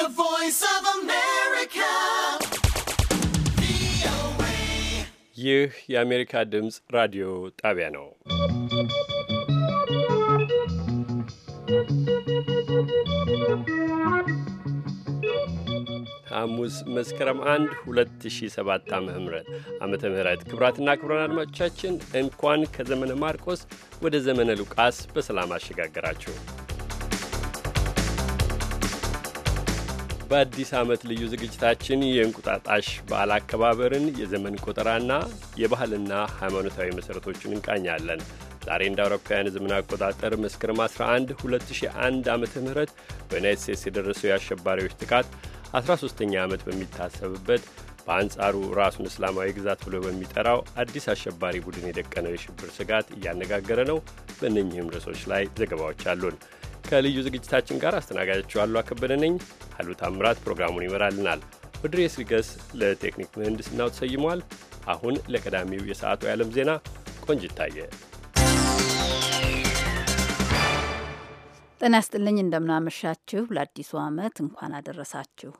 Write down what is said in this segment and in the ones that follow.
The Voice of America. ይህ የአሜሪካ ድምፅ ራዲዮ ጣቢያ ነው። ሐሙስ መስከረም 1 2007 ዓ ም ዓመተ ምህረት ክብራትና ክብረን አድማጮቻችን እንኳን ከዘመነ ማርቆስ ወደ ዘመነ ሉቃስ በሰላም አሸጋገራችሁ። በአዲስ ዓመት ልዩ ዝግጅታችን የእንቁጣጣሽ በዓል አከባበርን የዘመን ቆጠራና የባህልና ሃይማኖታዊ መሠረቶችን እንቃኛለን። ዛሬ እንደ አውሮፓውያን ዘመን አቆጣጠር መስከረም 11 2001 ዓ ም በዩናይት ስቴትስ የደረሰው የአሸባሪዎች ጥቃት 13ኛ ዓመት በሚታሰብበት በአንጻሩ ራሱን እስላማዊ ግዛት ብሎ በሚጠራው አዲስ አሸባሪ ቡድን የደቀነው የሽብር ስጋት እያነጋገረ ነው። በእነኚህም ርዕሶች ላይ ዘገባዎች አሉን። ከልዩ ዝግጅታችን ጋር አስተናጋጃችሁ አሉ አከበደ ነኝ። ኃይሉ ታምራት ፕሮግራሙን ይመራልናል። ኦድሬስ ሪገስ ለቴክኒክ ምህንድስናው ተሰይሟል። አሁን ለቀዳሚው የሰዓቱ የዓለም ዜና ቆንጅ ይታየ። ጤና ይስጥልኝ እንደምናመሻችሁ። ለአዲሱ ዓመት እንኳን አደረሳችሁ።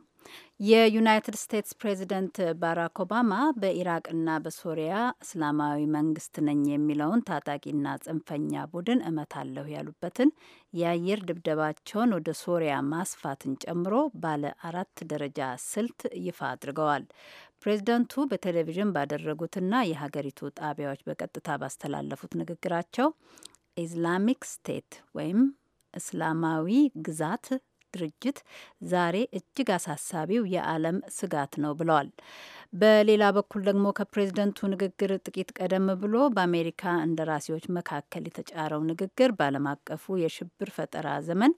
የዩናይትድ ስቴትስ ፕሬዚደንት ባራክ ኦባማ በኢራቅና በሶሪያ እስላማዊ መንግስት ነኝ የሚለውን ታጣቂና ጽንፈኛ ቡድን እመታለሁ ያሉበትን የአየር ድብደባቸውን ወደ ሶሪያ ማስፋትን ጨምሮ ባለ አራት ደረጃ ስልት ይፋ አድርገዋል። ፕሬዚደንቱ በቴሌቪዥን ባደረጉትና የሀገሪቱ ጣቢያዎች በቀጥታ ባስተላለፉት ንግግራቸው ኢስላሚክ ስቴት ወይም እስላማዊ ግዛት ድርጅት ዛሬ እጅግ አሳሳቢው የዓለም ስጋት ነው ብለዋል። በሌላ በኩል ደግሞ ከፕሬዝደንቱ ንግግር ጥቂት ቀደም ብሎ በአሜሪካ እንደራሴዎች መካከል የተጫረው ንግግር በዓለም አቀፉ የሽብር ፈጠራ ዘመን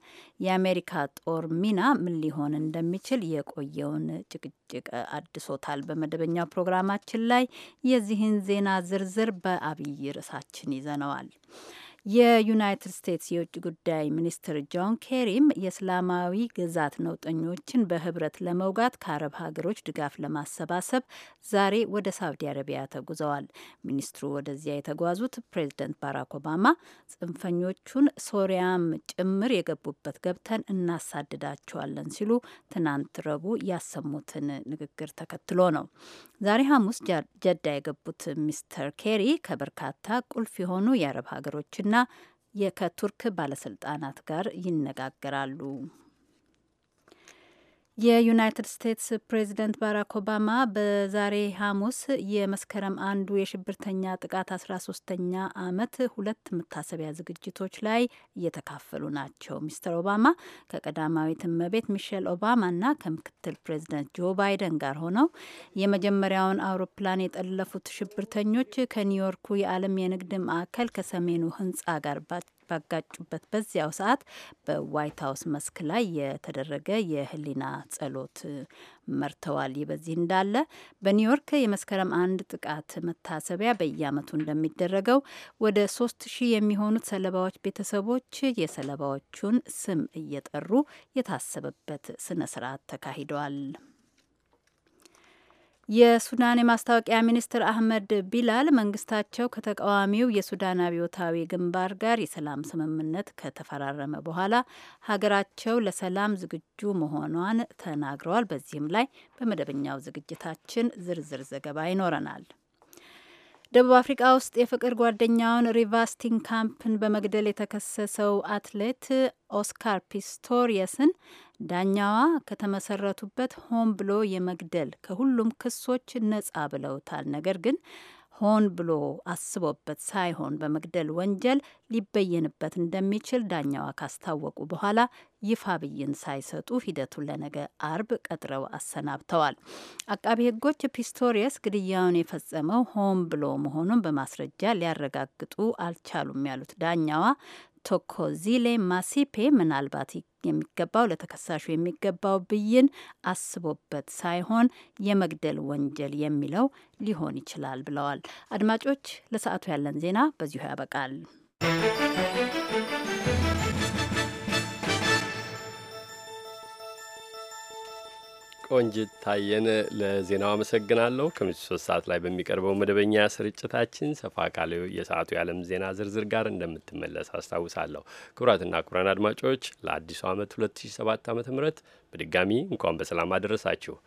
የአሜሪካ ጦር ሚና ምን ሊሆን እንደሚችል የቆየውን ጭቅጭቅ አድሶታል። በመደበኛው ፕሮግራማችን ላይ የዚህን ዜና ዝርዝር በአብይ ርዕሳችን ይዘነዋል። የዩናይትድ ስቴትስ የውጭ ጉዳይ ሚኒስትር ጆን ኬሪም የእስላማዊ ግዛት ነውጠኞችን በህብረት ለመውጋት ከአረብ ሀገሮች ድጋፍ ለማሰባሰብ ዛሬ ወደ ሳውዲ አረቢያ ተጉዘዋል። ሚኒስትሩ ወደዚያ የተጓዙት ፕሬዚደንት ባራክ ኦባማ ጽንፈኞቹን ሶሪያም ጭምር የገቡበት ገብተን እናሳድዳቸዋለን ሲሉ ትናንት ረቡዕ ያሰሙትን ንግግር ተከትሎ ነው። ዛሬ ሐሙስ ጀዳ የገቡት ሚስተር ኬሪ ከበርካታ ቁልፍ የሆኑ የአረብ ሀገሮችን ና ከቱርክ ባለስልጣናት ጋር ይነጋገራሉ። የዩናይትድ ስቴትስ ፕሬዚደንት ባራክ ኦባማ በዛሬ ሐሙስ የመስከረም አንዱ የሽብርተኛ ጥቃት አስራ ሶስተኛ ዓመት ሁለት መታሰቢያ ዝግጅቶች ላይ እየተካፈሉ ናቸው። ሚስተር ኦባማ ከቀዳማዊት እመቤት ሚሼል ኦባማና ከምክትል ፕሬዚደንት ጆ ባይደን ጋር ሆነው የመጀመሪያውን አውሮፕላን የጠለፉት ሽብርተኞች ከኒውዮርኩ የዓለም የንግድ ማዕከል ከሰሜኑ ህንጻ ጋር ባጋጩበት በዚያው ሰዓት በዋይት ሀውስ መስክ ላይ የተደረገ የህሊና ጸሎት መርተዋል። ይህ በዚህ እንዳለ በኒውዮርክ የመስከረም አንድ ጥቃት መታሰቢያ በየአመቱ እንደሚደረገው ወደ ሶስት ሺህ የሚሆኑት ሰለባዎች ቤተሰቦች የሰለባዎቹን ስም እየጠሩ የታሰበበት ስነ ስርዓት ተካሂደዋል። የሱዳን የማስታወቂያ ሚኒስትር አህመድ ቢላል መንግስታቸው ከተቃዋሚው የሱዳን አብዮታዊ ግንባር ጋር የሰላም ስምምነት ከተፈራረመ በኋላ ሀገራቸው ለሰላም ዝግጁ መሆኗን ተናግረዋል። በዚህም ላይ በመደበኛው ዝግጅታችን ዝርዝር ዘገባ ይኖረናል። ደቡብ አፍሪቃ ውስጥ የፍቅር ጓደኛውን ሪቫ ስቲንካምፕን በመግደል የተከሰሰው አትሌት ኦስካር ፒስቶሪየስን ዳኛዋ ከተመሰረቱበት ሆን ብሎ የመግደል ከሁሉም ክሶች ነጻ ብለውታል። ነገር ግን ሆን ብሎ አስቦበት ሳይሆን በመግደል ወንጀል ሊበየንበት እንደሚችል ዳኛዋ ካስታወቁ በኋላ ይፋ ብይን ሳይሰጡ ሂደቱን ለነገ አርብ ቀጥረው አሰናብተዋል። አቃቢ ሕጎች ፒስቶሪየስ ግድያውን የፈጸመው ሆን ብሎ መሆኑን በማስረጃ ሊያረጋግጡ አልቻሉም ያሉት ዳኛዋ ቶኮዚሌ ማሲፔ ምናልባት የሚገባው ለተከሳሹ የሚገባው ብይን አስቦበት ሳይሆን የመግደል ወንጀል የሚለው ሊሆን ይችላል ብለዋል። አድማጮች፣ ለሰዓቱ ያለን ዜና በዚሁ ያበቃል። ቆንጅት ታየን ለዜናው አመሰግናለሁ። ከምሽቱ ሶስት ሰዓት ላይ በሚቀርበው መደበኛ ስርጭታችን ሰፋ ካለው የሰዓቱ የዓለም ዜና ዝርዝር ጋር እንደምትመለስ አስታውሳለሁ። ክቡራትና ክቡራን አድማጮች ለአዲሱ ዓመት 2007 ዓ ም በድጋሚ እንኳን በሰላም አደረሳችሁ።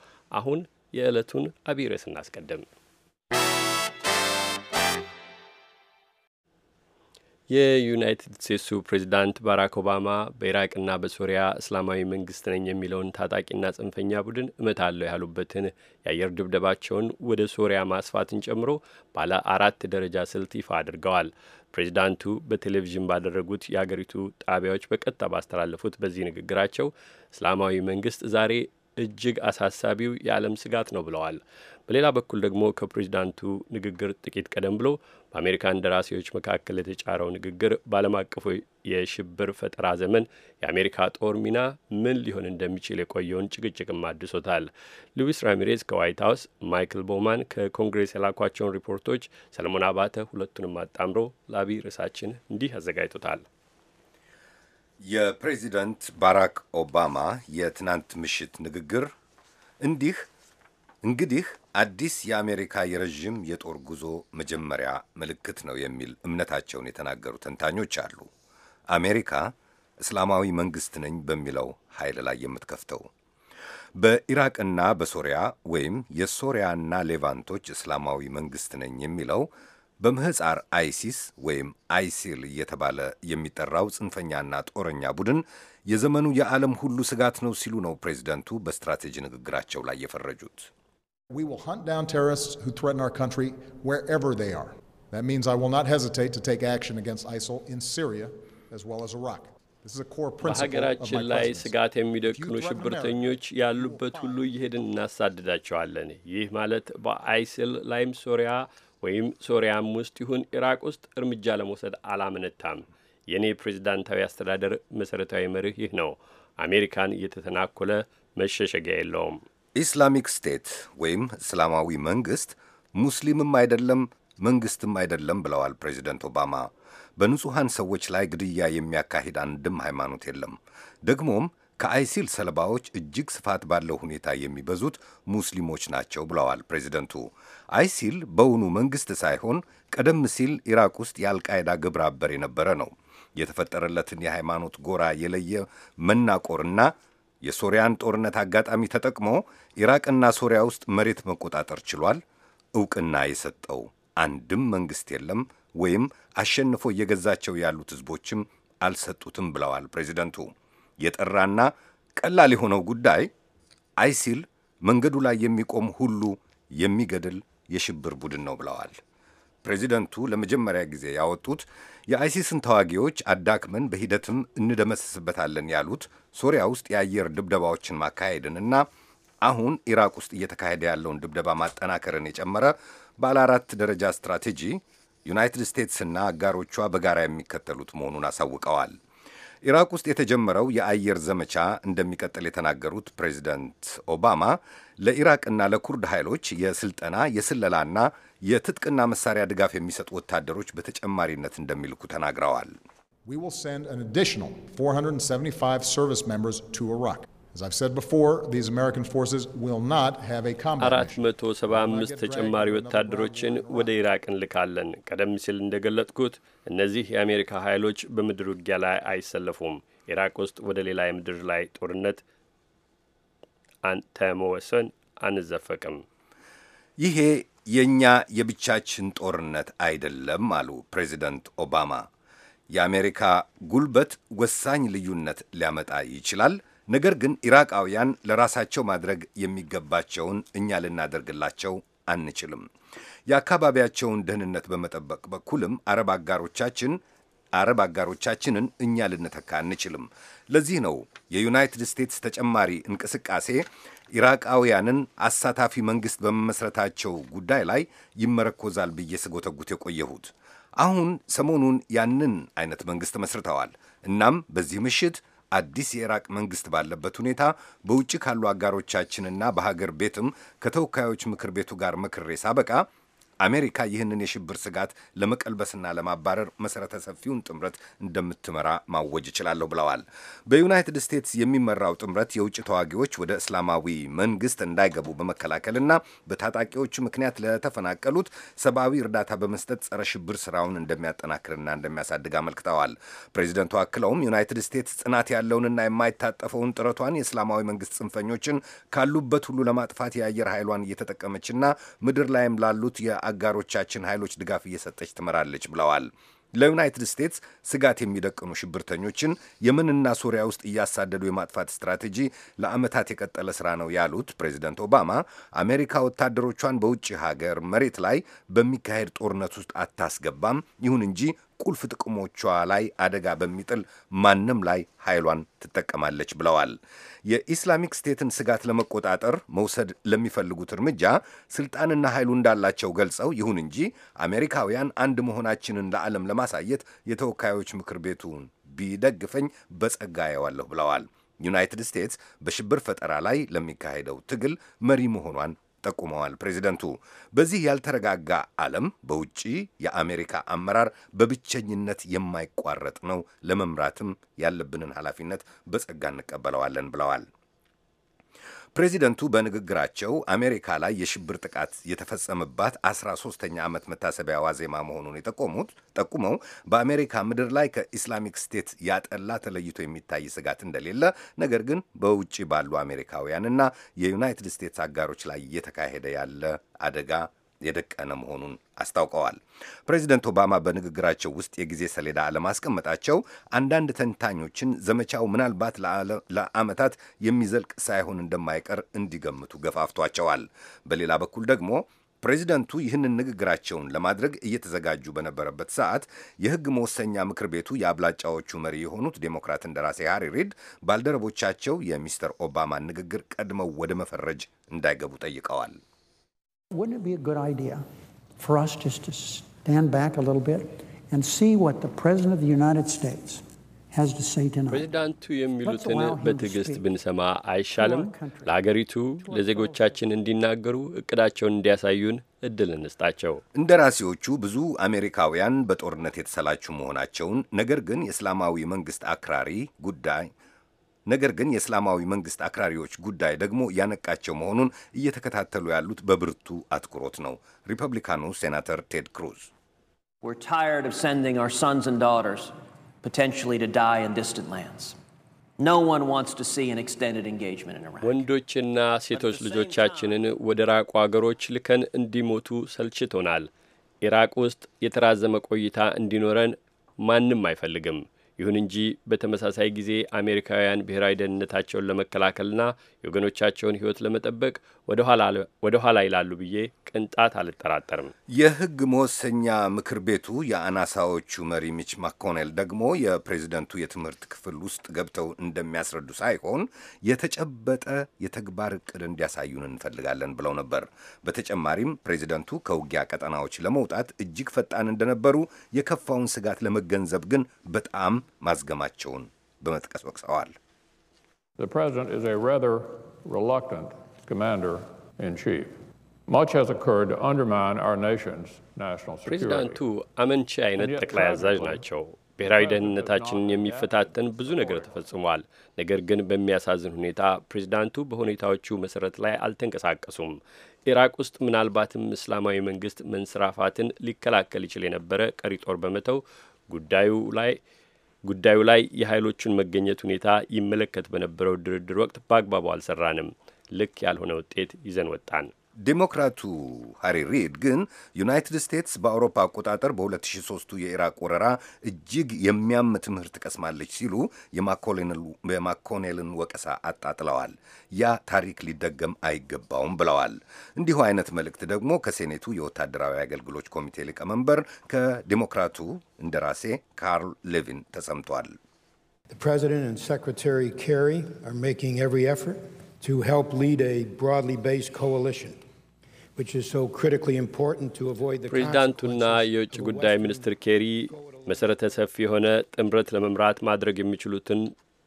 አሁን የዕለቱን አብይ ርዕስ እናስቀድም። የዩናይትድ ስቴትሱ ፕሬዚዳንት ባራክ ኦባማ በኢራቅና በሶሪያ እስላማዊ መንግስት ነኝ የሚለውን ታጣቂና ጽንፈኛ ቡድን እመታለሁ ያሉበትን የአየር ድብደባቸውን ወደ ሶሪያ ማስፋትን ጨምሮ ባለ አራት ደረጃ ስልት ይፋ አድርገዋል። ፕሬዚዳንቱ በቴሌቪዥን ባደረጉት የአገሪቱ ጣቢያዎች በቀጥታ ባስተላለፉት በዚህ ንግግራቸው እስላማዊ መንግስት ዛሬ እጅግ አሳሳቢው የዓለም ስጋት ነው ብለዋል። በሌላ በኩል ደግሞ ከፕሬዚዳንቱ ንግግር ጥቂት ቀደም ብሎ በአሜሪካ እንደራሴዎች መካከል የተጫረው ንግግር በዓለም አቀፉ የሽብር ፈጠራ ዘመን የአሜሪካ ጦር ሚና ምን ሊሆን እንደሚችል የቆየውን ጭቅጭቅም አድሶታል። ሉዊስ ራሚሬዝ ከዋይት ሀውስ፣ ማይክል ቦማን ከኮንግሬስ የላኳቸውን ሪፖርቶች ሰለሞን አባተ ሁለቱንም አጣምሮ ላቢ ርዕሳችን እንዲህ አዘጋጅቶታል። የፕሬዚደንት ባራክ ኦባማ የትናንት ምሽት ንግግር እንዲህ እንግዲህ አዲስ የአሜሪካ የረዥም የጦር ጉዞ መጀመሪያ ምልክት ነው የሚል እምነታቸውን የተናገሩ ተንታኞች አሉ። አሜሪካ እስላማዊ መንግሥት ነኝ በሚለው ኃይል ላይ የምትከፍተው በኢራቅና በሶሪያ ወይም የሶሪያና ሌቫንቶች እስላማዊ መንግሥት ነኝ የሚለው በምህፃር አይሲስ ወይም አይሲል እየተባለ የሚጠራው ጽንፈኛና ጦረኛ ቡድን የዘመኑ የዓለም ሁሉ ስጋት ነው ሲሉ ነው ፕሬዚደንቱ በስትራቴጂ ንግግራቸው ላይ የፈረጁት። We will hunt down terrorists who threaten our country wherever they are. That means I will not hesitate to take action against ISIL in Syria as well as Iraq. በሀገራችን ላይ ስጋት የሚደቅኑ ሽብርተኞች ያሉበት ሁሉ እየሄድን እናሳድዳቸዋለን። ይህ ማለት በአይስል ላይም ሶሪያ ወይም ሶሪያም ውስጥ ይሁን ኢራቅ ውስጥ እርምጃ ለመውሰድ አላመነታም። የእኔ ፕሬዚዳንታዊ አስተዳደር መሠረታዊ መርህ ይህ ነው። አሜሪካን እየተተናኮለ መሸሸጊያ የለውም። ኢስላሚክ ስቴት ወይም እስላማዊ መንግሥት ሙስሊምም አይደለም መንግሥትም አይደለም ብለዋል ፕሬዚደንት ኦባማ። በንጹሐን ሰዎች ላይ ግድያ የሚያካሂድ አንድም ሃይማኖት የለም። ደግሞም ከአይሲል ሰለባዎች እጅግ ስፋት ባለው ሁኔታ የሚበዙት ሙስሊሞች ናቸው ብለዋል ፕሬዚደንቱ። አይሲል በውኑ መንግሥት ሳይሆን ቀደም ሲል ኢራቅ ውስጥ የአልቃይዳ ግብረ አበር የነበረ ነው። የተፈጠረለትን የሃይማኖት ጎራ የለየ መናቆርና የሶሪያን ጦርነት አጋጣሚ ተጠቅሞ ኢራቅና ሶሪያ ውስጥ መሬት መቆጣጠር ችሏል። እውቅና የሰጠው አንድም መንግሥት የለም ወይም አሸንፎ እየገዛቸው ያሉት ሕዝቦችም አልሰጡትም ብለዋል ፕሬዚደንቱ። የጠራና ቀላል የሆነው ጉዳይ አይሲል መንገዱ ላይ የሚቆም ሁሉ የሚገድል የሽብር ቡድን ነው ብለዋል። ፕሬዚደንቱ ለመጀመሪያ ጊዜ ያወጡት የአይሲስን ተዋጊዎች አዳክመን በሂደትም እንደመስስበታለን ያሉት ሶሪያ ውስጥ የአየር ድብደባዎችን ማካሄድንና አሁን ኢራቅ ውስጥ እየተካሄደ ያለውን ድብደባ ማጠናከርን የጨመረ ባለ አራት ደረጃ ስትራቴጂ ዩናይትድ ስቴትስና አጋሮቿ በጋራ የሚከተሉት መሆኑን አሳውቀዋል። ኢራቅ ውስጥ የተጀመረው የአየር ዘመቻ እንደሚቀጥል የተናገሩት ፕሬዚደንት ኦባማ ለኢራቅና ለኩርድ ኃይሎች የስልጠና የስለላና የትጥቅና መሳሪያ ድጋፍ የሚሰጡ ወታደሮች በተጨማሪነት እንደሚልኩ ተናግረዋል። 475 service members to Iraq. አራት መቶ ሰባ አምስት ተጨማሪ ወታደሮችን ወደ ኢራቅ እንልካለን። ቀደም ሲል እንደገለጥኩት እነዚህ የአሜሪካ ኃይሎች በምድር ውጊያ ላይ አይሰለፉም። ኢራቅ ውስጥ ወደ ሌላ የምድር ላይ ጦርነት ተመወሰን አንዘፈቅም። ይሄ የእኛ የብቻችን ጦርነት አይደለም አሉ ፕሬዚደንት ኦባማ። የአሜሪካ ጉልበት ወሳኝ ልዩነት ሊያመጣ ይችላል ነገር ግን ኢራቃውያን ለራሳቸው ማድረግ የሚገባቸውን እኛ ልናደርግላቸው አንችልም። የአካባቢያቸውን ደህንነት በመጠበቅ በኩልም አረብ አጋሮቻችን አረብ አጋሮቻችንን እኛ ልንተካ አንችልም። ለዚህ ነው የዩናይትድ ስቴትስ ተጨማሪ እንቅስቃሴ ኢራቃውያንን አሳታፊ መንግሥት በመመስረታቸው ጉዳይ ላይ ይመረኮዛል ብዬ ስጎተጉት የቆየሁት። አሁን ሰሞኑን ያንን አይነት መንግሥት መስርተዋል። እናም በዚህ ምሽት አዲስ የኢራቅ መንግስት ባለበት ሁኔታ በውጭ ካሉ አጋሮቻችንና በሀገር ቤትም ከተወካዮች ምክር ቤቱ ጋር ምክሬ ሳበቃ አሜሪካ ይህንን የሽብር ስጋት ለመቀልበስና ለማባረር መሠረተ ሰፊውን ጥምረት እንደምትመራ ማወጅ እችላለሁ ብለዋል። በዩናይትድ ስቴትስ የሚመራው ጥምረት የውጭ ተዋጊዎች ወደ እስላማዊ መንግስት እንዳይገቡ በመከላከልና በታጣቂዎቹ ምክንያት ለተፈናቀሉት ሰብአዊ እርዳታ በመስጠት ጸረ ሽብር ስራውን እንደሚያጠናክርና እንደሚያሳድግ አመልክተዋል። ፕሬዚደንቱ አክለውም ዩናይትድ ስቴትስ ጽናት ያለውንና የማይታጠፈውን ጥረቷን የእስላማዊ መንግስት ጽንፈኞችን ካሉበት ሁሉ ለማጥፋት የአየር ኃይሏን እየተጠቀመችና ምድር ላይም ላሉት አጋሮቻችን ኃይሎች ድጋፍ እየሰጠች ትመራለች ብለዋል። ለዩናይትድ ስቴትስ ስጋት የሚደቅኑ ሽብርተኞችን የመንና ሶሪያ ውስጥ እያሳደዱ የማጥፋት ስትራቴጂ ለዓመታት የቀጠለ ስራ ነው ያሉት ፕሬዚደንት ኦባማ አሜሪካ ወታደሮቿን በውጭ ሀገር መሬት ላይ በሚካሄድ ጦርነት ውስጥ አታስገባም፣ ይሁን እንጂ ቁልፍ ጥቅሞቿ ላይ አደጋ በሚጥል ማንም ላይ ኃይሏን ትጠቀማለች ብለዋል። የኢስላሚክ ስቴትን ስጋት ለመቆጣጠር መውሰድ ለሚፈልጉት እርምጃ ስልጣንና ኃይሉ እንዳላቸው ገልጸው፣ ይሁን እንጂ አሜሪካውያን አንድ መሆናችንን ለዓለም ለማሳየት የተወካዮች ምክር ቤቱን ቢደግፈኝ በጸጋ አየዋለሁ ብለዋል። ዩናይትድ ስቴትስ በሽብር ፈጠራ ላይ ለሚካሄደው ትግል መሪ መሆኗን ጠቁመዋል ፕሬዚደንቱ። በዚህ ያልተረጋጋ ዓለም በውጪ የአሜሪካ አመራር በብቸኝነት የማይቋረጥ ነው፣ ለመምራትም ያለብንን ኃላፊነት በጸጋ እንቀበለዋለን ብለዋል። ፕሬዚደንቱ በንግግራቸው አሜሪካ ላይ የሽብር ጥቃት የተፈጸመባት 13ተኛ ዓመት መታሰቢያ ዋዜማ መሆኑን የጠቆሙት ጠቁመው በአሜሪካ ምድር ላይ ከኢስላሚክ ስቴት ያጠላ ተለይቶ የሚታይ ስጋት እንደሌለ፣ ነገር ግን በውጭ ባሉ አሜሪካውያንና የዩናይትድ ስቴትስ አጋሮች ላይ እየተካሄደ ያለ አደጋ የደቀነ መሆኑን አስታውቀዋል። ፕሬዚደንት ኦባማ በንግግራቸው ውስጥ የጊዜ ሰሌዳ አለማስቀመጣቸው አንዳንድ ተንታኞችን ዘመቻው ምናልባት ለዓመታት የሚዘልቅ ሳይሆን እንደማይቀር እንዲገምቱ ገፋፍቷቸዋል። በሌላ በኩል ደግሞ ፕሬዚደንቱ ይህንን ንግግራቸውን ለማድረግ እየተዘጋጁ በነበረበት ሰዓት የሕግ መወሰኛ ምክር ቤቱ የአብላጫዎቹ መሪ የሆኑት ዴሞክራት እንደራሴ ሃሪ ሪድ ባልደረቦቻቸው የሚስተር ኦባማን ንግግር ቀድመው ወደ መፈረጅ እንዳይገቡ ጠይቀዋል። Wouldn't it be a good idea for us just to stand back a little bit and see what the President of the United States has to say tonight? ፕሬዚዳንቱ የሚሉትን በትዕግስት ብንሰማ አይሻልም? ለአገሪቱ ለዜጎቻችን እንዲናገሩ እቅዳቸውን እንዲያሳዩን እድል እንስጣቸው። እንደራሴዎቹ ብዙ አሜሪካውያን በጦርነት የተሰላቹ መሆናቸውን ነገር ግን የእስላማዊ መንግስት አክራሪ ጉዳይ ነገር ግን የእስላማዊ መንግስት አክራሪዎች ጉዳይ ደግሞ ያነቃቸው መሆኑን እየተከታተሉ ያሉት በብርቱ አትኩሮት ነው። ሪፐብሊካኑ ሴናተር ቴድ ክሩዝ ወንዶችና ሴቶች ልጆቻችንን ወደ ራቁ አገሮች ልከን እንዲሞቱ ሰልችቶናል። ኢራቅ ውስጥ የተራዘመ ቆይታ እንዲኖረን ማንም አይፈልግም። ይሁን እንጂ በተመሳሳይ ጊዜ አሜሪካውያን ብሔራዊ ደህንነታቸውን ለመከላከልና የወገኖቻቸውን ሕይወት ለመጠበቅ ወደ ኋላ ይላሉ ብዬ ቅንጣት አልጠራጠርም። የሕግ መወሰኛ ምክር ቤቱ የአናሳዎቹ መሪ ሚች ማኮኔል ደግሞ የፕሬዚደንቱ የትምህርት ክፍል ውስጥ ገብተው እንደሚያስረዱ ሳይሆን የተጨበጠ የተግባር እቅድ እንዲያሳዩን እንፈልጋለን ብለው ነበር። በተጨማሪም ፕሬዚደንቱ ከውጊያ ቀጠናዎች ለመውጣት እጅግ ፈጣን እንደነበሩ የከፋውን ስጋት ለመገንዘብ ግን በጣም ማዝገማቸውን በመጥቀስ ወቅሰዋል። ፕሬዚዳንቱ አመንቺ አይነት ጠቅላይ አዛዥ ናቸው። ብሔራዊ ደህንነታችንን የሚፈታተን ብዙ ነገር ተፈጽሟል። ነገር ግን በሚያሳዝን ሁኔታ ፕሬዚዳንቱ በሁኔታዎቹ መሰረት ላይ አልተንቀሳቀሱም። ኢራቅ ውስጥ ምናልባትም እስላማዊ መንግስት መንሰራፋትን ሊከላከል ይችል የነበረ ቀሪ ጦር በመተው ጉዳዩ ላይ ጉዳዩ ላይ የኃይሎቹን መገኘት ሁኔታ ይመለከት በነበረው ድርድር ወቅት በአግባቡ አልሰራንም። ልክ ያልሆነ ውጤት ይዘን ወጣን። ዴሞክራቱ ሃሪ ሪድ ግን ዩናይትድ ስቴትስ በአውሮፓ አቆጣጠር በ2003ቱ የኢራቅ ወረራ እጅግ የሚያም ትምህርት ቀስማለች ሲሉ የማኮኔልን ወቀሳ አጣጥለዋል። ያ ታሪክ ሊደገም አይገባውም ብለዋል። እንዲሁ አይነት መልእክት ደግሞ ከሴኔቱ የወታደራዊ አገልግሎች ኮሚቴ ሊቀመንበር ከዴሞክራቱ እንደራሴ ካርል ሌቪን ተሰምቷል። ፕሬዚደንት እና ሴክሬታሪ ኬሪ ሜኪንግ ኤቭሪ ኤፈርት ሊድ ኤ ብሮድሊ ቤዝድ ፕሬዚዳንቱና የውጭ ጉዳይ ሚኒስትር ኬሪ መሠረተ ሰፊ የሆነ ጥምረት ለመምራት ማድረግ የሚችሉትን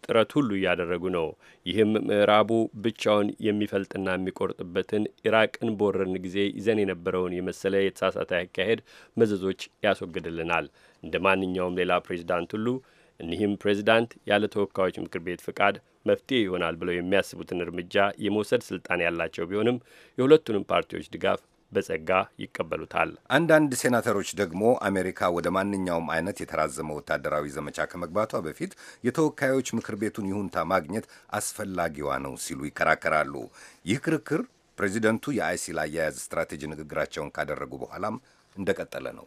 ጥረት ሁሉ እያደረጉ ነው። ይህም ምዕራቡ ብቻውን የሚፈልጥና የሚቆርጥበትን ኢራቅን በወረን ጊዜ ይዘን የነበረውን የመሰለ የተሳሳተ አካሄድ መዘዞች ያስወግድልናል። እንደ ማንኛውም ሌላ ፕሬዚዳንት ሁሉ እኒህም ፕሬዚዳንት ያለ ተወካዮች ምክር ቤት ፍቃድ መፍትሄ ይሆናል ብለው የሚያስቡትን እርምጃ የመውሰድ ስልጣን ያላቸው ቢሆንም የሁለቱንም ፓርቲዎች ድጋፍ በጸጋ ይቀበሉታል። አንዳንድ ሴናተሮች ደግሞ አሜሪካ ወደ ማንኛውም አይነት የተራዘመ ወታደራዊ ዘመቻ ከመግባቷ በፊት የተወካዮች ምክር ቤቱን ይሁንታ ማግኘት አስፈላጊዋ ነው ሲሉ ይከራከራሉ። ይህ ክርክር ፕሬዚደንቱ የአይሲል አያያዝ ስትራቴጂ ንግግራቸውን ካደረጉ በኋላም እንደቀጠለ ነው።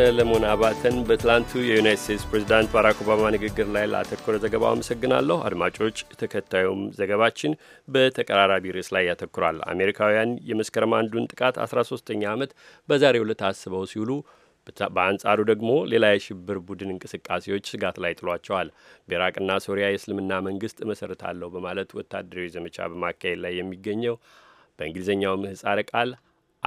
ሰለሞን አባተን በትላንቱ የዩናይት ስቴትስ ፕሬዚዳንት ባራክ ኦባማ ንግግር ላይ ላተኮረ ዘገባው አመሰግናለሁ። አድማጮች፣ ተከታዩም ዘገባችን በተቀራራቢ ርዕስ ላይ ያተኩራል። አሜሪካውያን የመስከረም አንዱን ጥቃት 13ኛ ዓመት በዛሬው ዕለት አስበው ሲውሉ በአንጻሩ ደግሞ ሌላ የሽብር ቡድን እንቅስቃሴዎች ስጋት ላይ ጥሏቸዋል። በኢራቅና ሶሪያ የእስልምና መንግስት እመሰርታለሁ በማለት ወታደራዊ ዘመቻ በማካሄድ ላይ የሚገኘው በእንግሊዝኛው ምህጻረ ቃል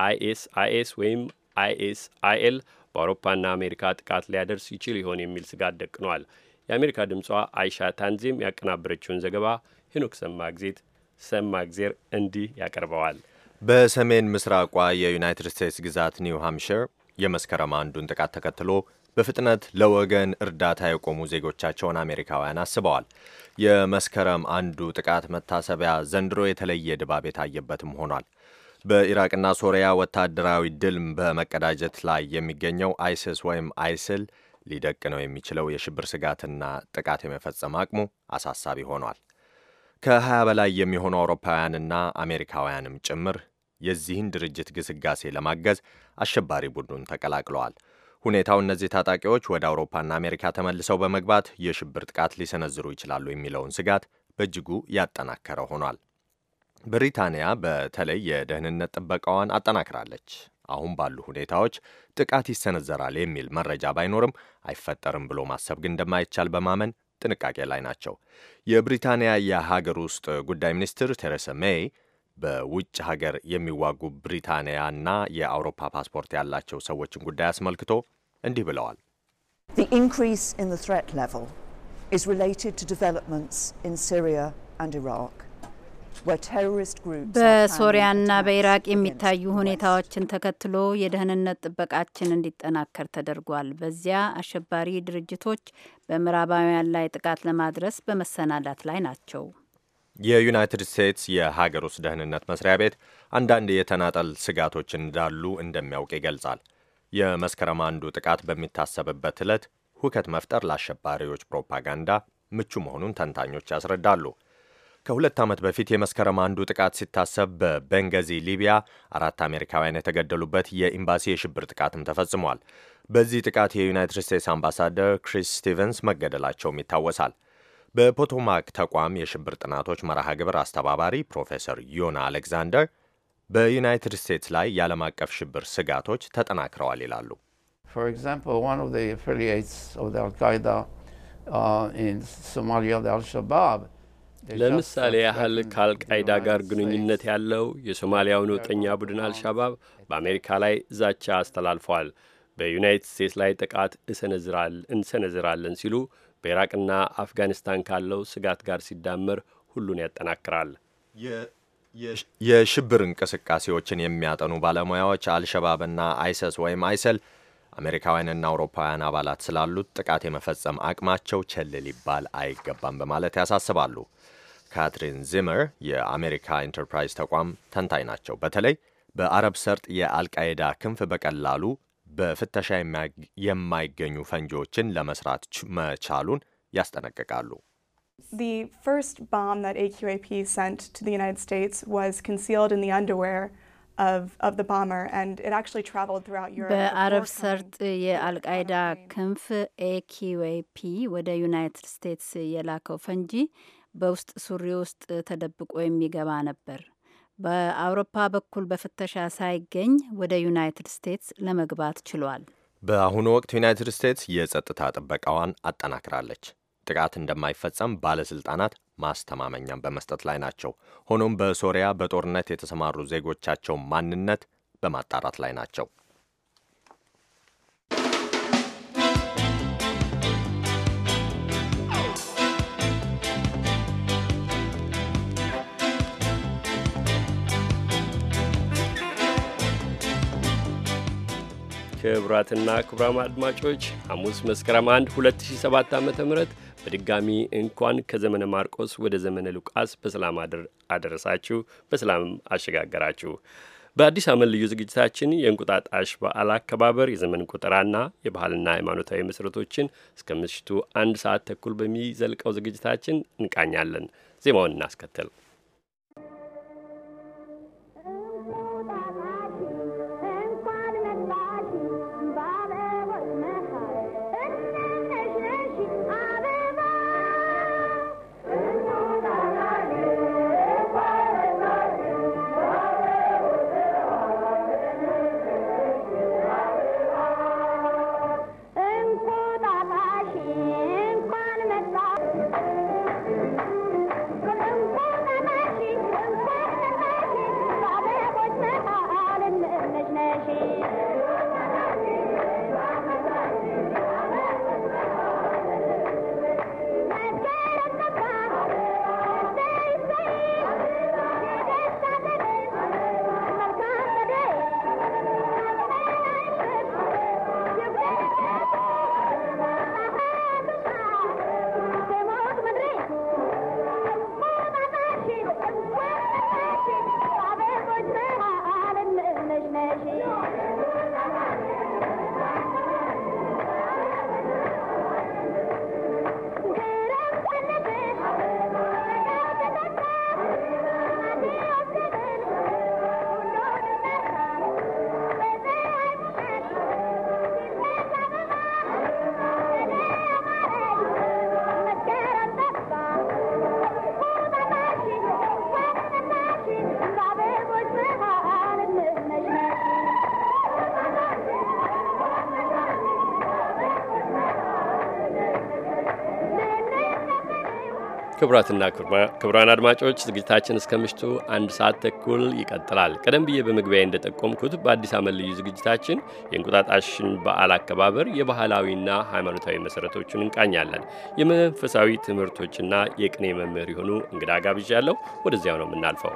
አይኤስ አይኤስ ወይም አይኤስ አይኤል በአውሮፓና አሜሪካ ጥቃት ሊያደርስ ይችል ይሆን የሚል ስጋት ደቅኗል። የአሜሪካ ድምጿ አይሻ ታንዚም ያቀናበረችውን ዘገባ ሄኖክ ሰማግዜት ሰማግዜር እንዲህ ያቀርበዋል። በሰሜን ምስራቋ የዩናይትድ ስቴትስ ግዛት ኒው ሃምሽር የመስከረም አንዱን ጥቃት ተከትሎ በፍጥነት ለወገን እርዳታ የቆሙ ዜጎቻቸውን አሜሪካውያን አስበዋል። የመስከረም አንዱ ጥቃት መታሰቢያ ዘንድሮ የተለየ ድባብ የታየበትም ሆኗል። በኢራቅና ሶሪያ ወታደራዊ ድል በመቀዳጀት ላይ የሚገኘው አይሲስ ወይም አይስል ሊደቅ ነው የሚችለው የሽብር ስጋትና ጥቃት የመፈጸም አቅሙ አሳሳቢ ሆኗል። ከ20 በላይ የሚሆኑ አውሮፓውያንና አሜሪካውያንም ጭምር የዚህን ድርጅት ግስጋሴ ለማገዝ አሸባሪ ቡድኑን ተቀላቅለዋል። ሁኔታው እነዚህ ታጣቂዎች ወደ አውሮፓና አሜሪካ ተመልሰው በመግባት የሽብር ጥቃት ሊሰነዝሩ ይችላሉ የሚለውን ስጋት በእጅጉ ያጠናከረ ሆኗል። ብሪታንያ በተለይ የደህንነት ጥበቃዋን አጠናክራለች። አሁን ባሉ ሁኔታዎች ጥቃት ይሰነዘራል የሚል መረጃ ባይኖርም አይፈጠርም ብሎ ማሰብ ግን እንደማይቻል በማመን ጥንቃቄ ላይ ናቸው። የብሪታንያ የሀገር ውስጥ ጉዳይ ሚኒስትር ቴሬሳ ሜይ በውጭ ሀገር የሚዋጉ ብሪታንያና የአውሮፓ ፓስፖርት ያላቸው ሰዎችን ጉዳይ አስመልክቶ እንዲህ ብለዋል። ኢንክሪስ ኢን ዘ ትሬት ሌቨል ኢዝ ሪሌትድ ቱ ዲቨሎፕመንትስ ኢን ሲሪያ አንድ ኢራቅ በሶሪያና በኢራቅ የሚታዩ ሁኔታዎችን ተከትሎ የደህንነት ጥበቃችን እንዲጠናከር ተደርጓል። በዚያ አሸባሪ ድርጅቶች በምዕራባውያን ላይ ጥቃት ለማድረስ በመሰናዳት ላይ ናቸው። የዩናይትድ ስቴትስ የሀገር ውስጥ ደህንነት መስሪያ ቤት አንዳንድ የተናጠል ስጋቶች እንዳሉ እንደሚያውቅ ይገልጻል። የመስከረም አንዱ ጥቃት በሚታሰብበት ዕለት ሁከት መፍጠር ለአሸባሪዎች ፕሮፓጋንዳ ምቹ መሆኑን ተንታኞች ያስረዳሉ። ከሁለት ዓመት በፊት የመስከረም አንዱ ጥቃት ሲታሰብ በቤንገዚ ሊቢያ አራት አሜሪካውያን የተገደሉበት የኤምባሲ የሽብር ጥቃትም ተፈጽሟል። በዚህ ጥቃት የዩናይትድ ስቴትስ አምባሳደር ክሪስ ስቲቨንስ መገደላቸውም ይታወሳል። በፖቶማክ ተቋም የሽብር ጥናቶች መርሃ ግብር አስተባባሪ ፕሮፌሰር ዮና አሌክዛንደር በዩናይትድ ስቴትስ ላይ የዓለም አቀፍ ሽብር ስጋቶች ተጠናክረዋል ይላሉ። ሶማሊያ አልሸባብ ለምሳሌ ያህል ከአልቃይዳ ጋር ግንኙነት ያለው የሶማሊያው ነውጠኛ ቡድን አልሻባብ በአሜሪካ ላይ ዛቻ አስተላልፏል። በዩናይትድ ስቴትስ ላይ ጥቃት እንሰነዝራለን ሲሉ በኢራቅና አፍጋኒስታን ካለው ስጋት ጋር ሲዳመር ሁሉን ያጠናክራል። የሽብር እንቅስቃሴዎችን የሚያጠኑ ባለሙያዎች አልሸባብና አይሰስ ወይም አይሰል አሜሪካውያንና አውሮፓውያን አባላት ስላሉት ጥቃት የመፈጸም አቅማቸው ቸል ሊባል አይገባም በማለት ያሳስባሉ። ካትሪን ዚመር የአሜሪካ ኢንተርፕራይዝ ተቋም ተንታኝ ናቸው። በተለይ በአረብ ሰርጥ የአልቃይዳ ክንፍ በቀላሉ በፍተሻ የማይገኙ ፈንጂዎችን ለመስራት መቻሉን ያስጠነቅቃሉ። The first bomb that AQAP sent to the United States was concealed in the underwear of, of the bomber, and it actually traveled throughout Europe. በአረብ ሰርጥ የአልቃይዳ ክንፍ ኤኪዩኤፒ ወደ ዩናይትድ ስቴትስ የላከው ፈንጂ በውስጥ ሱሪ ውስጥ ተደብቆ የሚገባ ነበር። በአውሮፓ በኩል በፍተሻ ሳይገኝ ወደ ዩናይትድ ስቴትስ ለመግባት ችሏል። በአሁኑ ወቅት ዩናይትድ ስቴትስ የጸጥታ ጥበቃዋን አጠናክራለች። ጥቃት እንደማይፈጸም ባለስልጣናት ማስተማመኛም በመስጠት ላይ ናቸው። ሆኖም በሶሪያ በጦርነት የተሰማሩ ዜጎቻቸው ማንነት በማጣራት ላይ ናቸው። ክቡራትና ክቡራን አድማጮች ሐሙስ መስከረም 1 2007 ዓ ም በድጋሚ እንኳን ከዘመነ ማርቆስ ወደ ዘመነ ሉቃስ በሰላም አደረሳችሁ፣ በሰላም አሸጋገራችሁ። በአዲስ ዓመት ልዩ ዝግጅታችን የእንቁጣጣሽ በዓል አከባበር፣ የዘመን ቁጠራና የባህልና ሃይማኖታዊ መሠረቶችን እስከ ምሽቱ አንድ ሰዓት ተኩል በሚዘልቀው ዝግጅታችን እንቃኛለን። ዜማውን እናስከትል። ክቡራትና ክቡራን አድማጮች ዝግጅታችን እስከ ምሽቱ አንድ ሰዓት ተኩል ይቀጥላል። ቀደም ብዬ በመግቢያ እንደጠቆምኩት በአዲስ ዓመት ልዩ ዝግጅታችን የእንቁጣጣሽን በዓል አከባበር የባህላዊና ሃይማኖታዊ መሠረቶችን እንቃኛለን። የመንፈሳዊ ትምህርቶችና የቅኔ መምህር የሆኑ እንግዳ ያለው ወደዚያው ነው የምናልፈው።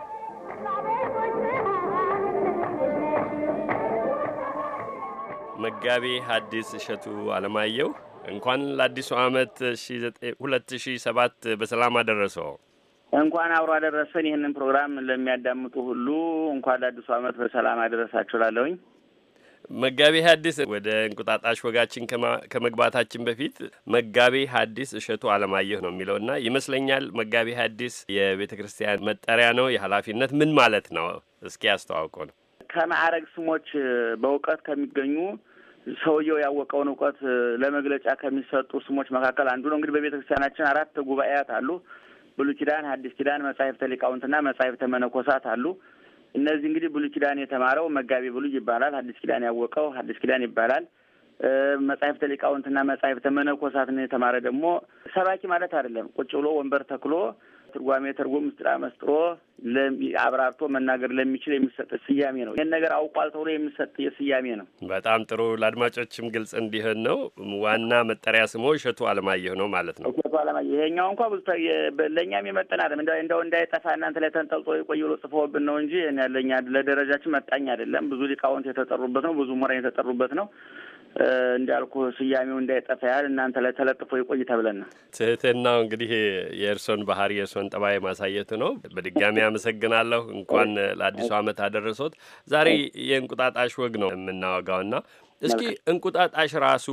መጋቤ ሐዲስ እሸቱ አለማየሁ እንኳን ለአዲሱ ዓመት 2007 በሰላም አደረሰው። እንኳን አብሮ አደረሰን። ይህንን ፕሮግራም ለሚያዳምጡ ሁሉ እንኳን ለአዲሱ ዓመት በሰላም አደረሳችሁ ላለሁኝ መጋቤ ሐዲስ ወደ እንቁጣጣሽ ወጋችን ከመግባታችን በፊት መጋቤ ሐዲስ እሸቱ አለማየሁ ነው የሚለው እና ይመስለኛል መጋቤ ሐዲስ የቤተ ክርስቲያን መጠሪያ ነው። የኃላፊነት ምን ማለት ነው? እስኪ ያስተዋውቁ ነው። ከማዕረግ ስሞች በእውቀት ከሚገኙ ሰውየው ያወቀውን እውቀት ለመግለጫ ከሚሰጡ ስሞች መካከል አንዱ ነው። እንግዲህ በቤተ ክርስቲያናችን አራት ጉባኤያት አሉ። ብሉይ ኪዳን፣ ሐዲስ ኪዳን፣ መጻሕፍተ ሊቃውንትና መጻሕፍተ መነኮሳት አሉ። እነዚህ እንግዲህ ብሉይ ኪዳን የተማረው መጋቢ ብሉይ ይባላል። ሐዲስ ኪዳን ያወቀው ሐዲስ ኪዳን ይባላል። መጻሕፍተ ሊቃውንትና መጻሕፍተ መነኮሳትን የተማረ ደግሞ ሰባኪ ማለት አይደለም። ቁጭ ብሎ ወንበር ተክሎ ትርጓሜ ተርጎም ምስጢር አመስጥሮ አብራርቶ መናገር ለሚችል የሚሰጥ ስያሜ ነው። ይህን ነገር አውቋል ተብሎ የሚሰጥ የስያሜ ነው። በጣም ጥሩ። ለአድማጮችም ግልጽ እንዲሆን ነው። ዋና መጠሪያ ስሞ እሸቱ አለማየሁ ነው ማለት ነው። እሸቱ አለማየሁ ይሄኛው እንኳ ብዙ ለእኛም የመጠን አለም እንደው እንዳይጠፋ እናንተ ላይ ተንጠልጦ የቆየሎ ጽፎብን ነው እንጂ ለእኛ ለደረጃችን መጣኝ አይደለም። ብዙ ሊቃውንት የተጠሩበት ነው። ብዙ ምሁራን የተጠሩበት ነው። እንዳልኩ ስያሜው እንዳይጠፋ ያህል እናንተ ላይ ተለጥፎ ይቆይ ተብለን ነው። ትህትናው እንግዲህ የእርሶን ባህሪ የእርሶን ጠባይ ማሳየቱ ነው። በድጋሚ አመሰግናለሁ። እንኳን ለአዲሱ ዓመት አደረሶት። ዛሬ የእንቁጣጣሽ ወግ ነው የምናወጋውና እስኪ እንቁጣጣሽ ራሱ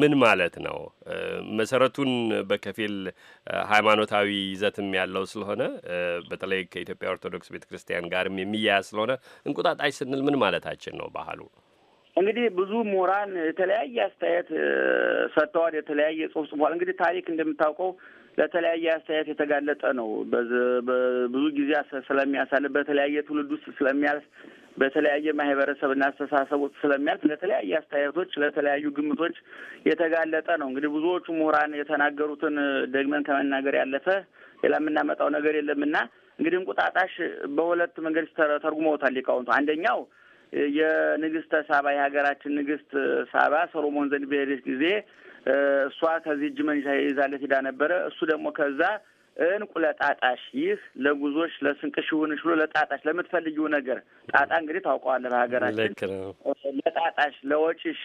ምን ማለት ነው? መሰረቱን በከፊል ሃይማኖታዊ ይዘትም ያለው ስለሆነ በተለይ ከኢትዮጵያ ኦርቶዶክስ ቤተ ክርስቲያን ጋርም የሚያያዝ ስለሆነ እንቁጣጣሽ ስንል ምን ማለታችን ነው ባህሉ? እንግዲህ ብዙ ምሁራን የተለያየ አስተያየት ሰጥተዋል። የተለያየ ጽሁፍ ጽፏል። እንግዲህ ታሪክ እንደምታውቀው ለተለያየ አስተያየት የተጋለጠ ነው። ብዙ ጊዜ ስለሚያሳልፍ በተለያየ ትውልድ ውስጥ ስለሚያልፍ በተለያየ ማህበረሰብና አስተሳሰብ ውስጥ ስለሚያልፍ ለተለያየ አስተያየቶች፣ ለተለያዩ ግምቶች የተጋለጠ ነው። እንግዲህ ብዙዎቹ ምሁራን የተናገሩትን ደግመን ከመናገር ያለፈ ሌላ የምናመጣው ነገር የለምና እንግዲህ እንቁጣጣሽ በሁለት መንገድ ተርጉመውታል ሊቃውንቱ አንደኛው የንግስተ ሳባ የሀገራችን ንግስት ሳባ ሰሎሞን ዘንድ በሄደች ጊዜ እሷ ከዚህ እጅ መንሻ ይዛለት ሄዳ ነበረ። እሱ ደግሞ ከዛ እንቁ ለጣጣሽ ይህ ለጉዞች ለስንቅሽ ይሁንሽ ብሎ ለጣጣሽ ለምትፈልጊው ነገር ጣጣ እንግዲህ ታውቀዋለህ በሀገራችን ለጣጣሽ፣ ለወጪሽ፣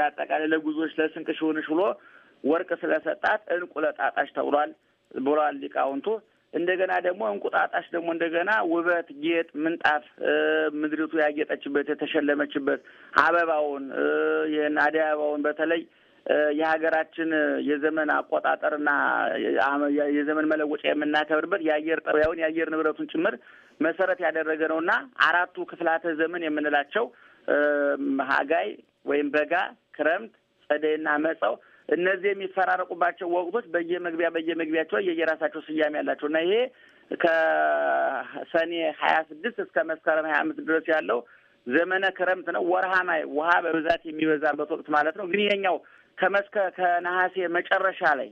ለአጠቃላይ ለጉዞች ለስንቅሽ ይሁንሽ ብሎ ወርቅ ስለሰጣት እንቁ ለጣጣሽ ተብሏል ብሏል ሊቃውንቱ። እንደገና ደግሞ እንቁጣጣሽ ደግሞ እንደገና ውበት፣ ጌጥ፣ ምንጣፍ ምድሪቱ ያጌጠችበት የተሸለመችበት አበባውን ይህን አደይ አበባውን በተለይ የሀገራችን የዘመን አቆጣጠርና የዘመን መለወጫ የምናከብርበት የአየር ጠቢያውን የአየር ንብረቱን ጭምር መሰረት ያደረገ ነውና አራቱ ክፍላተ ዘመን የምንላቸው ሀጋይ ወይም በጋ፣ ክረምት፣ ጸደይና መጸው እነዚህ የሚፈራረቁባቸው ወቅቶች በየመግቢያ በየመግቢያቸው የየራሳቸው ስያሜ ያላቸው እና ይሄ ከሰኔ ሀያ ስድስት እስከ መስከረም ሀያ አምስት ድረስ ያለው ዘመነ ክረምት ነው። ወርሃ ማይ ውሃ በብዛት የሚበዛበት ወቅት ማለት ነው። ግን ይሄኛው ከመስከ ከነሐሴ መጨረሻ ላይ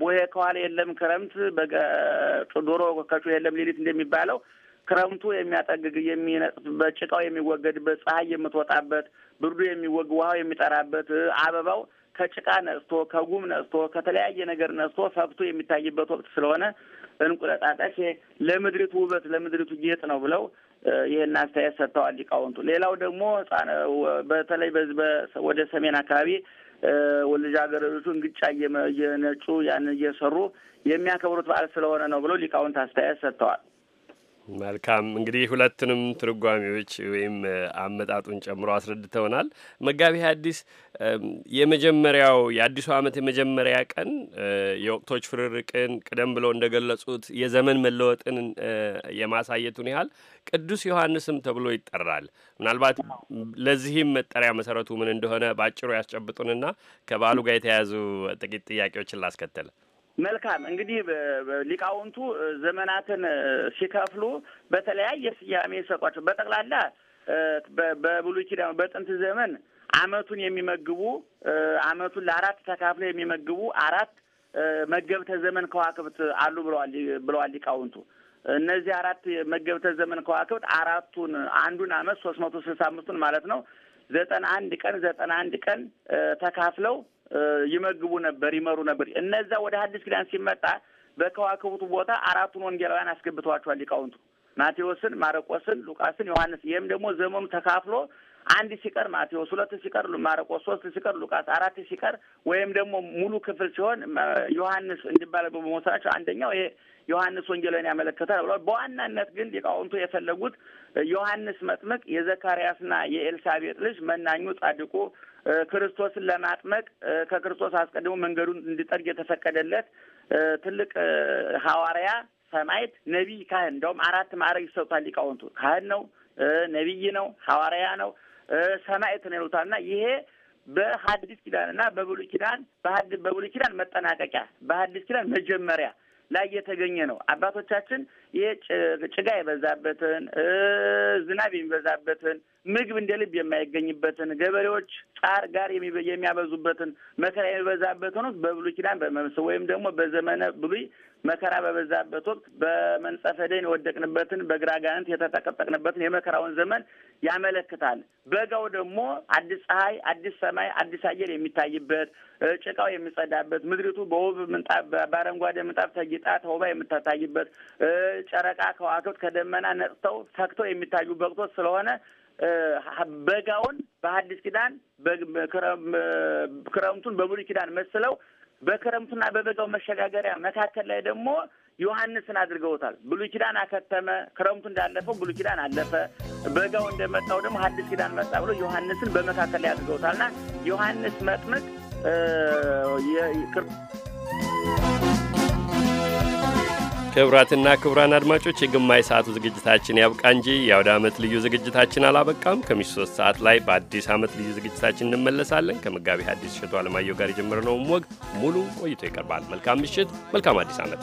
ቦሄ ከኋላ የለም ክረምት ዶሮ ከጩ የለም ሌሊት እንደሚባለው ክረምቱ የሚያጠግግ የሚነጥፍበት፣ ጭቃው የሚወገድበት፣ ፀሐይ የምትወጣበት፣ ብርዱ የሚወግ ውሃው የሚጠራበት፣ አበባው ከጭቃ ነስቶ ከጉም ነስቶ ከተለያየ ነገር ነስቶ ፈክቶ የሚታይበት ወቅት ስለሆነ እንቁለጣጠሽ ለምድሪቱ ውበት ለምድሪቱ ጌጥ ነው ብለው ይህን አስተያየት ሰጥተዋል ሊቃውንቱ። ሌላው ደግሞ በተለይ በዚህ ወደ ሰሜን አካባቢ ልጃገረዶቹ እንግጫ እየነጩ ያን እየሰሩ የሚያከብሩት በዓል ስለሆነ ነው ብለው ሊቃውንት አስተያየት ሰጥተዋል። መልካም እንግዲህ ሁለቱንም ትርጓሚዎች ወይም አመጣጡን ጨምሮ አስረድተውናል። መጋቢ አዲስ የመጀመሪያው የአዲሱ ዓመት የመጀመሪያ ቀን የወቅቶች ፍርርቅን ቅደም ብለው እንደገለጹት የዘመን መለወጥን የማሳየቱን ያህል ቅዱስ ዮሐንስም ተብሎ ይጠራል። ምናልባት ለዚህም መጠሪያ መሰረቱ ምን እንደሆነ በአጭሩ ያስጨብጡንና ከባሉ ጋር የተያያዙ ጥቂት ጥያቄዎችን ላስከተል። መልካም እንግዲህ ሊቃውንቱ ዘመናትን ሲከፍሉ በተለያየ ስያሜ ይሰጧቸው። በጠቅላላ በብሉይ ኪዳን በጥንት ዘመን ዓመቱን የሚመግቡ ዓመቱን ለአራት ተካፍለው የሚመግቡ አራት መገብተ ዘመን ከዋክብት አሉ ብለዋል ሊቃውንቱ። እነዚህ አራት መገብተ ዘመን ከዋክብት አራቱን አንዱን ዓመት ሶስት መቶ ስልሳ አምስቱን ማለት ነው ዘጠና አንድ ቀን ዘጠና አንድ ቀን ተካፍለው ይመግቡ ነበር፣ ይመሩ ነበር። እነዛ ወደ ሐዲስ ኪዳን ሲመጣ በከዋክብቱ ቦታ አራቱን ወንጌላውያን አስገብተዋቸዋል ሊቃውንቱ ማቴዎስን፣ ማረቆስን፣ ሉቃስን፣ ዮሐንስ። ይህም ደግሞ ዘመኑ ተካፍሎ አንድ ሲቀር ማቴዎስ፣ ሁለት ሲቀር ማረቆስ፣ ሶስት ሲቀር ሉቃስ፣ አራት ሲቀር ወይም ደግሞ ሙሉ ክፍል ሲሆን ዮሐንስ እንዲባል በመወሰናቸው አንደኛው ይሄ ዮሐንስ ወንጌላዊን ያመለከታል ብለዋል። በዋናነት ግን ሊቃውንቱ የፈለጉት ዮሐንስ መጥምቅ የዘካርያስና የኤልሳቤጥ ልጅ መናኙ ጻድቁ ክርስቶስን ለማጥመቅ ከክርስቶስ አስቀድሞ መንገዱን እንዲጠርግ የተፈቀደለት ትልቅ ሐዋርያ፣ ሰማዕት፣ ነቢይ፣ ካህን እንደውም አራት ማዕረግ ይሰጡታል ሊቃውንቱ። ካህን ነው፣ ነቢይ ነው፣ ሐዋርያ ነው፣ ሰማዕት ነው ይሉታል እና ይሄ በሐዲስ ኪዳን እና በብሉይ ኪዳን በብሉይ ኪዳን መጠናቀቂያ በሐዲስ ኪዳን መጀመሪያ ላይ የተገኘ ነው። አባቶቻችን ይሄ ጭቃ የበዛበትን ዝናብ የሚበዛበትን ምግብ እንደ ልብ የማይገኝበትን ገበሬዎች ጣር ጋር የሚያበዙበትን መከራ የሚበዛበትን ወቅት በብሉይ ኪዳን በመምስ ወይም ደግሞ በዘመነ ብሉይ መከራ በበዛበት ወቅት በመንጸፈ ደን የወደቅንበትን በግራ ጋንት የተጠቀጠቅንበትን የመከራውን ዘመን ያመለክታል። በጋው ደግሞ አዲስ ፀሐይ፣ አዲስ ሰማይ፣ አዲስ አየር የሚታይበት ጭቃው የሚጸዳበት ምድሪቱ በውብ ምንጣፍ በአረንጓዴ ምንጣፍ ተጊጣ ተውባ የምታታይበት ጨረቃ ከዋክብት ከደመና ነጥተው ፈክተው የሚታዩ በቅቶች ስለሆነ በጋውን በሐዲስ ኪዳን ክረምቱን በብሉይ ኪዳን መስለው በክረምቱና በበጋው መሸጋገሪያ መካከል ላይ ደግሞ ዮሐንስን አድርገውታል። ብሉይ ኪዳን አከተመ። ክረምቱ እንዳለፈው ብሉይ ኪዳን አለፈ፣ በጋው እንደመጣው ደግሞ ሐዲስ ኪዳን መጣ ብሎ ዮሐንስን በመካከል ላይ አድርገውታልና ዮሐንስ መጥምቅ ክቡራትና ክቡራን አድማጮች የግማሽ ሰዓቱ ዝግጅታችን ያብቃ እንጂ የአውደ ዓመት ልዩ ዝግጅታችን አላበቃም። ከምሽቱ ሶስት ሰዓት ላይ በአዲስ ዓመት ልዩ ዝግጅታችን እንመለሳለን። ከመጋቢ አዲስ እሸቱ አለማየሁ ጋር የጀመርነውም ወግ ሙሉ ቆይቶ ይቀርባል። መልካም ምሽት፣ መልካም አዲስ ዓመት።